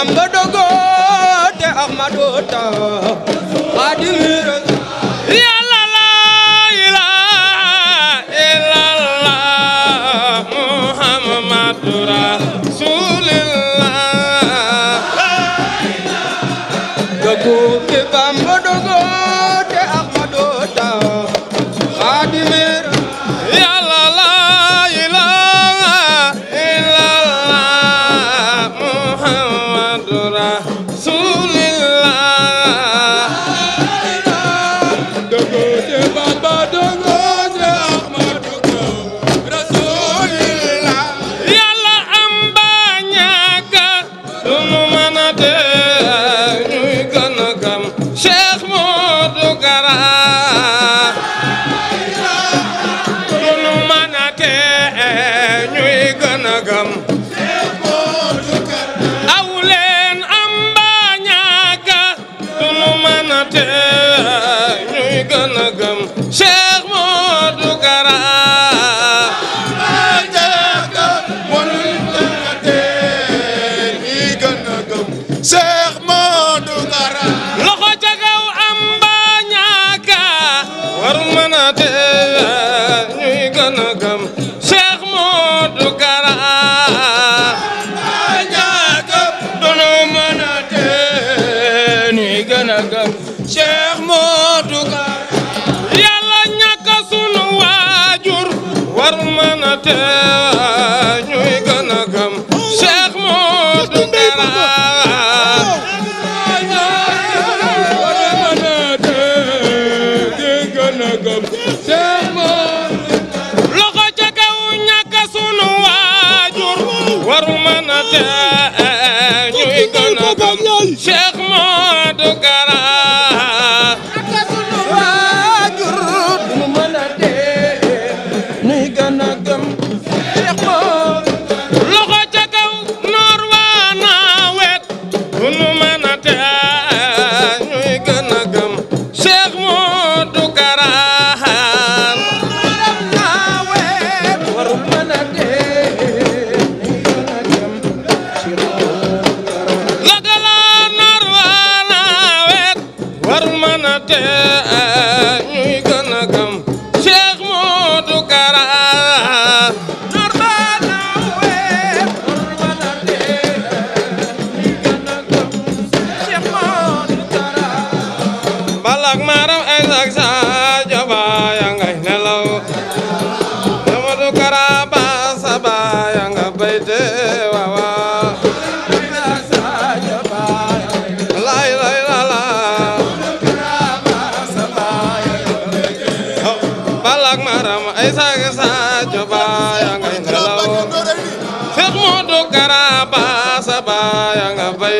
Bamba dogo te Ahmadu ta Cheikh Modou Kara yàlla ñàkk sunu war mën a teew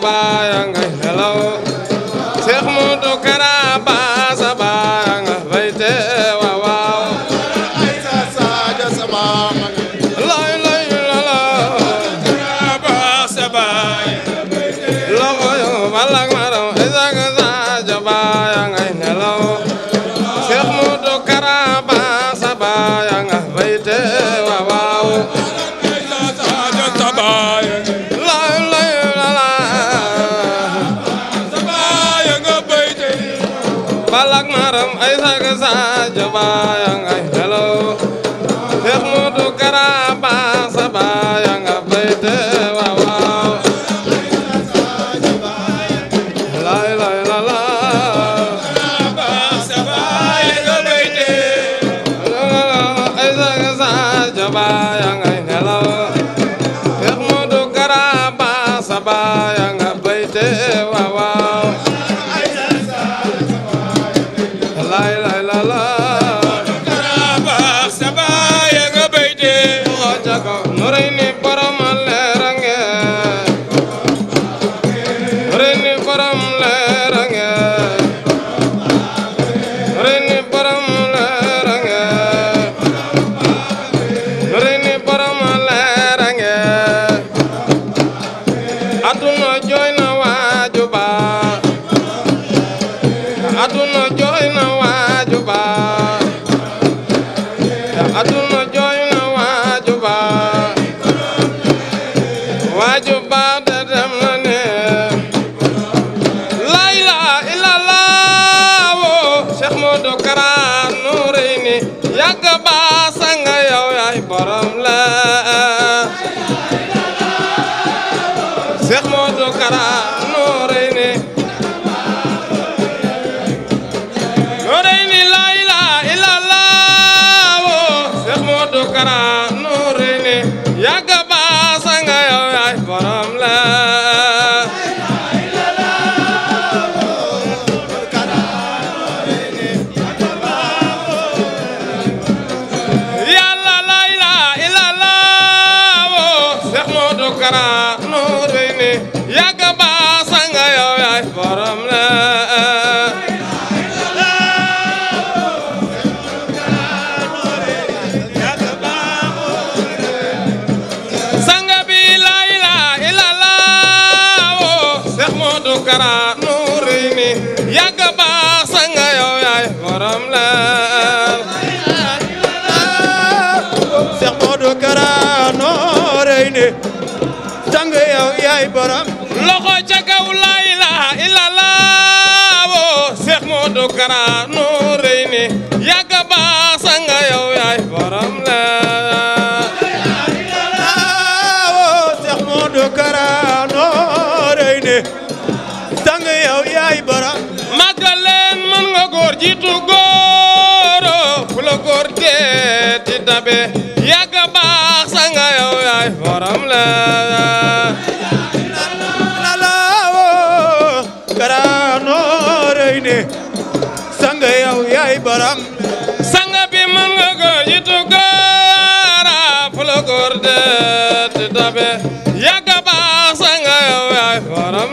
bayanga Namah borom leera nga borom loxo ca kaw la ilaha illallah wo Cheikh Modou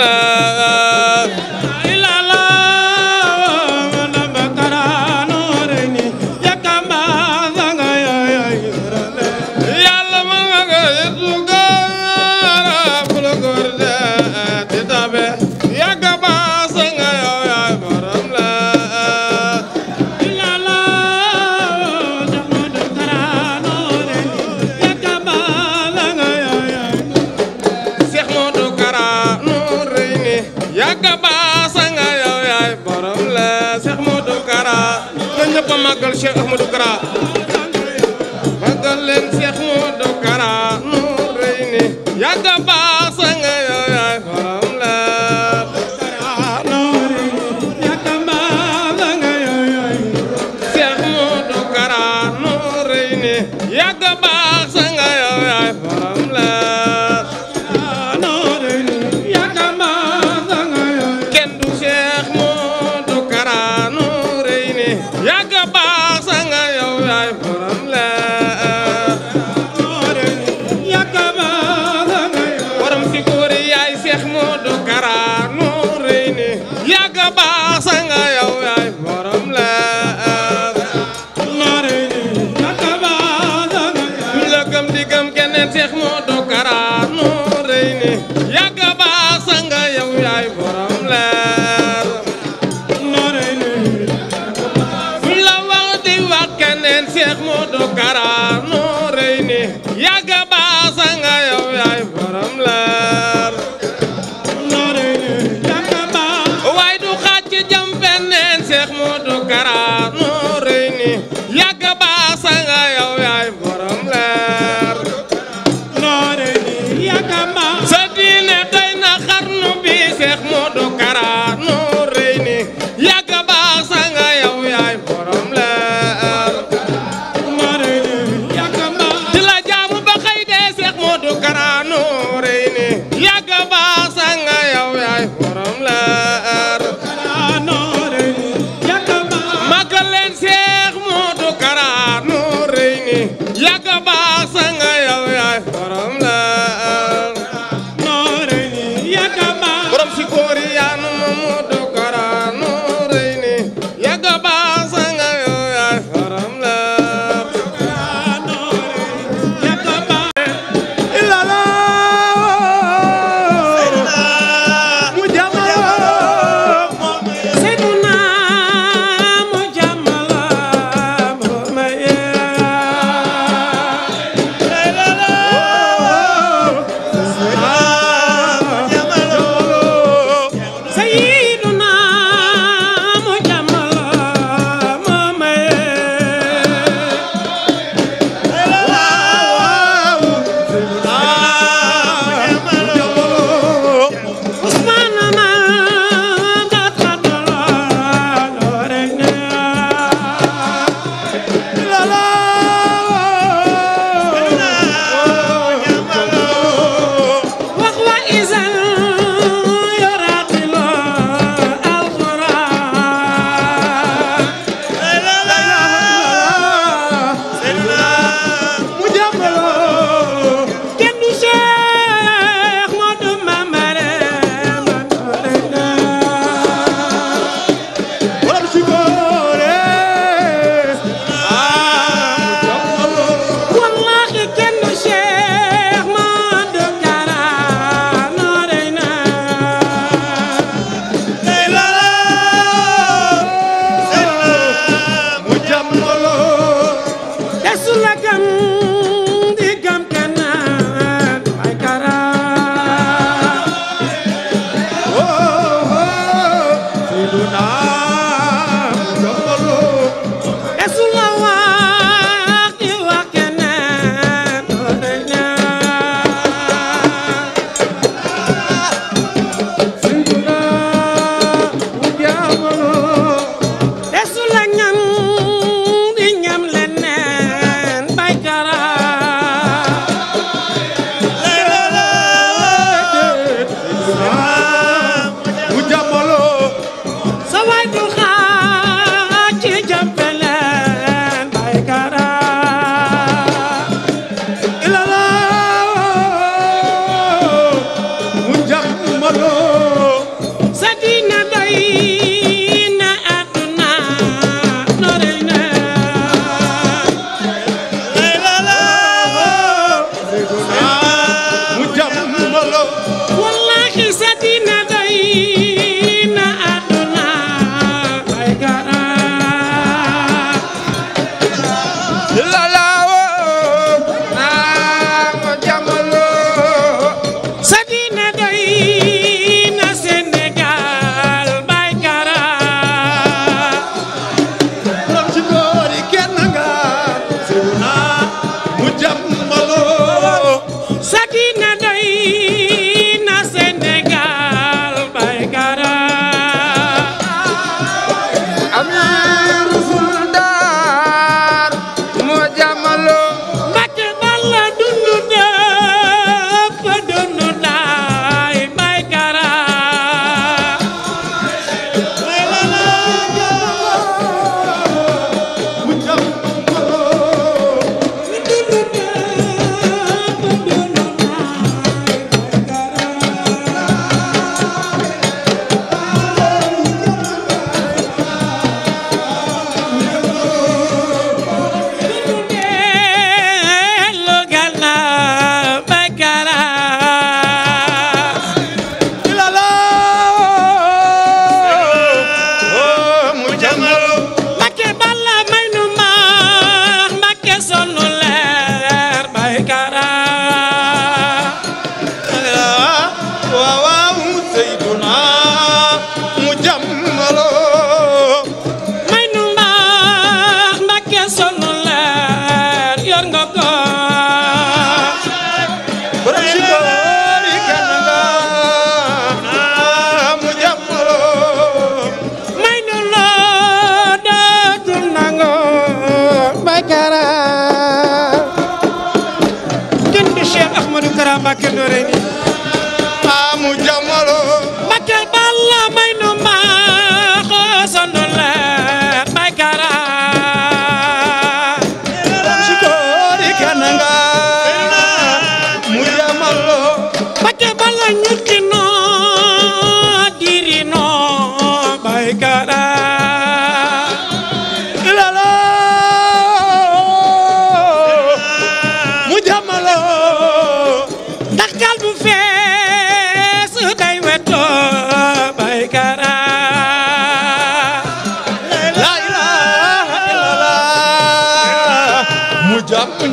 la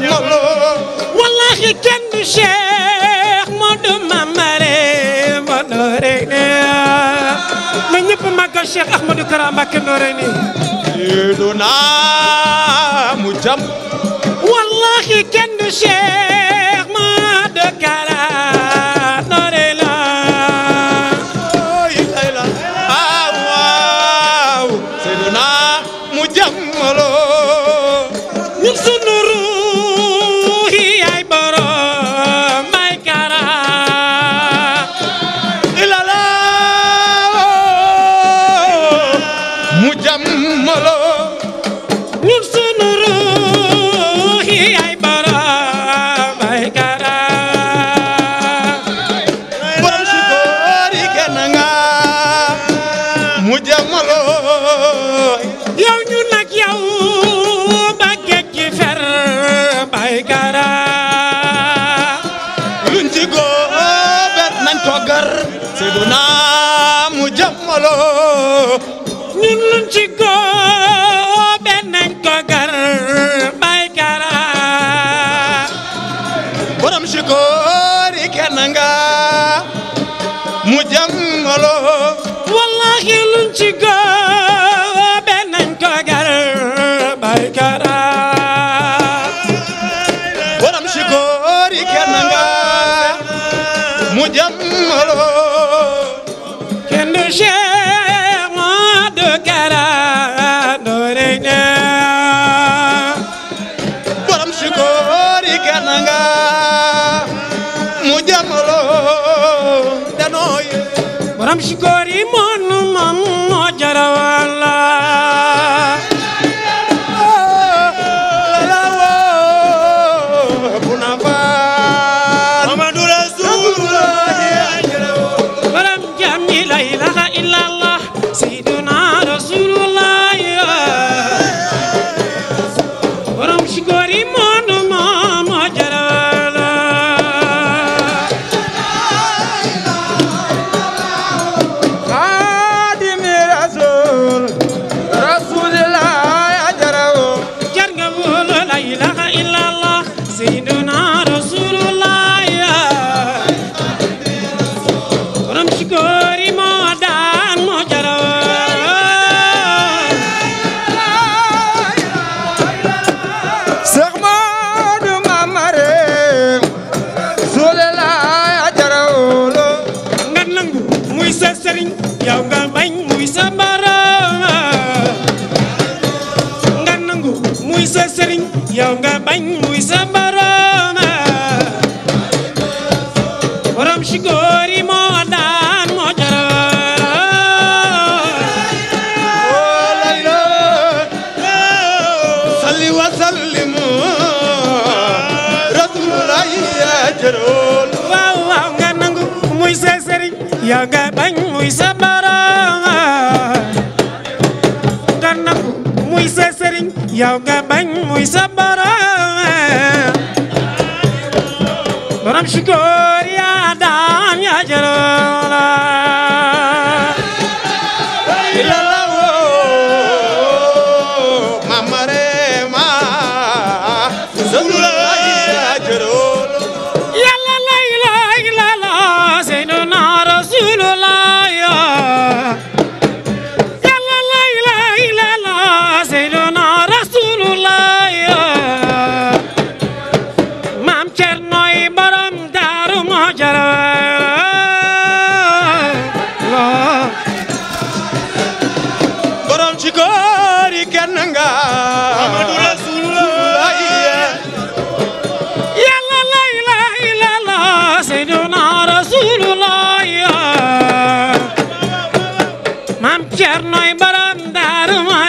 maloo wallahi kenn du Cheikh Modou Mamare Modou rey ne na ñëpp màggal Cheikh Ahmadou Kara Mbacké Norey ni yéenu naa mu jam wallahi kenn du jëmaloo yow ñu nag yow ba géej fer bay gara luñ ci góobet nañ ko gar Seyduna mu jëmaloo ñun luñ ci góobet nañ ko bay gara borom si góor yi mu jëm ci góobo be nañ ko gar baykara borom si góori kenn nga mu jëmmaloo kenn du Cheikh Modou Kara Noreyni borom si góori kenn nga mu jëmmaloo danooy borom si góori moom moom yow nga bañ muy sa borom borom si ko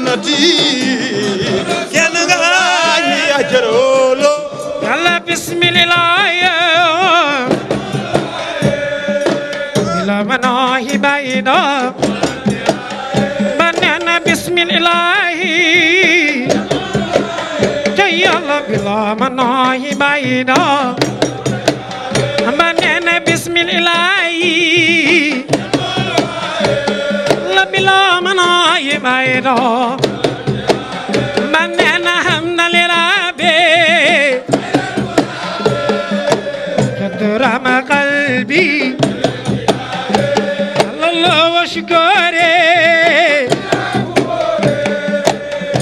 jannati kenn nga ñi ajarolo yàlla bismillah ila manahi bayda banana bismillah yàlla bila manahi bayda banana bismillah mayno man nena hamna lirabe قلبي الله وشكري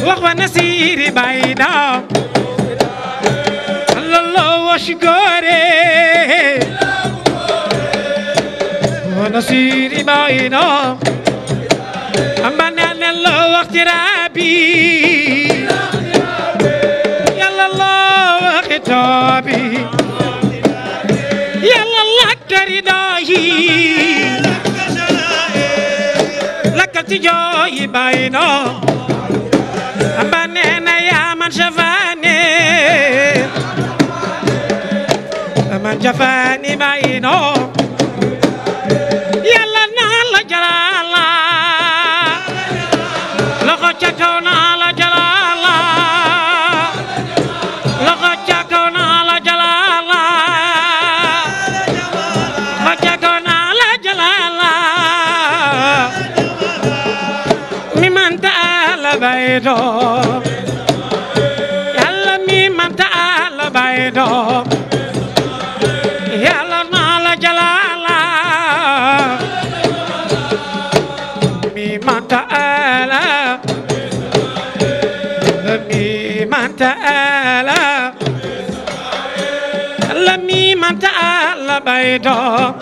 وقوى نسيري الله وشكري ونسيري بعيدا اغترابي يلا الله خطابي يلا لك ردائي لك التجاي بينا بنينا يا من شفاني من جفاني بينا door la la mi manta la baido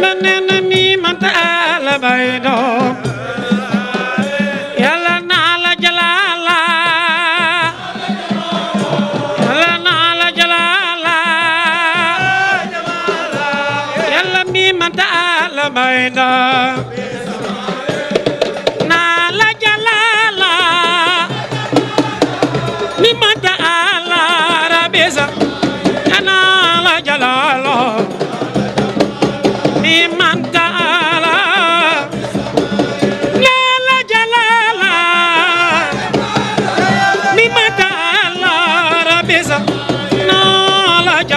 manana mi manta la baido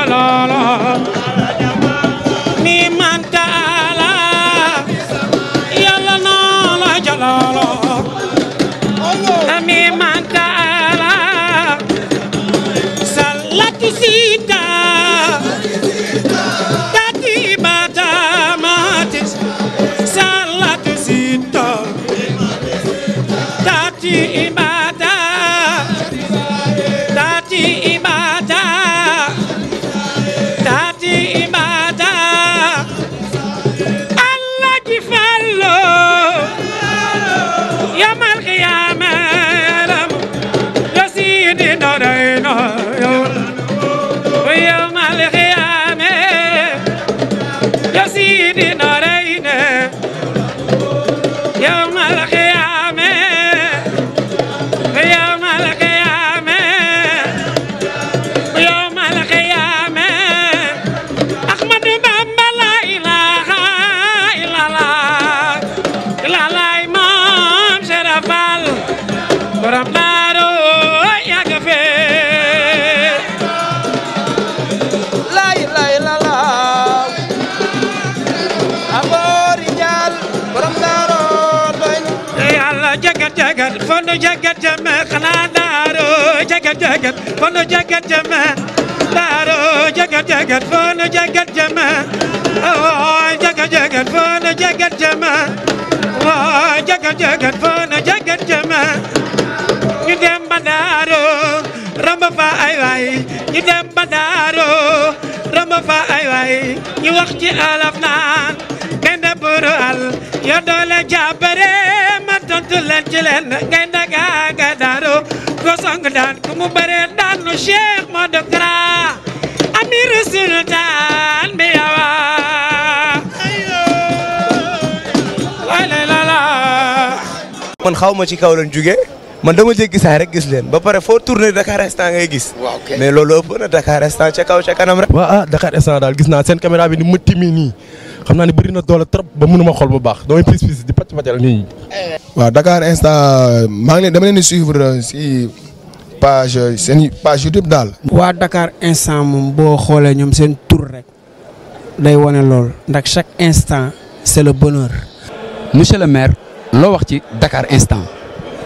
la la dab ba daaro rama fa ay way ñu wax ci alaf naan gaynde buru al yo doole jàbbare ma tontu leen ci leen gaaga daaro ko song daan ku mu bare daan nu cheikh moo do kra sultaan bi yawa man xaw ma ci kaw lañ jóge man dama jéggi saay rek gis leen ba pare foo tourné Dakar instant ngay gis. waaw ok mais loolu ëpp na Dakar instant ca ah, Dakar instant daal gis naa seen caméra bi ni mu timi nii xam naa ne bëri na doole trop ba mënuma xool bu baax damay pis pis di pàcc pàccal nit maa ngi dama leen suivre si page seen page YouTube daal. waa Dakar instant moom boo xoolee ñoom seen tur rek day wane lool ndax chaque instant c'est le bonheur. monsieur le maire loo wax ci Dakar instant.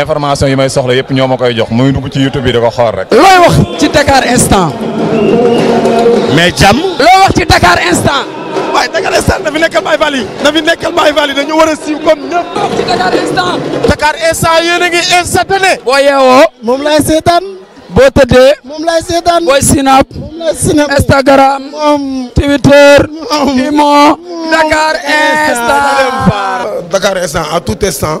information yi may soxla yëpp ñoo ma koy jox muy dugg ci YouTube bi da ko rek. looy wax ci Dakar instant. mais jàmm. looy wax ci Dakar instant. Dakar instant dafi nekkal Baye Fall yi. dafi nekkal Baye Fall yi dañu war a siiw comme ñëpp. looy wax ci Dakar Dakar instant yéen a ngi instantané. boo Twitter. Dakar instant. Dakar instant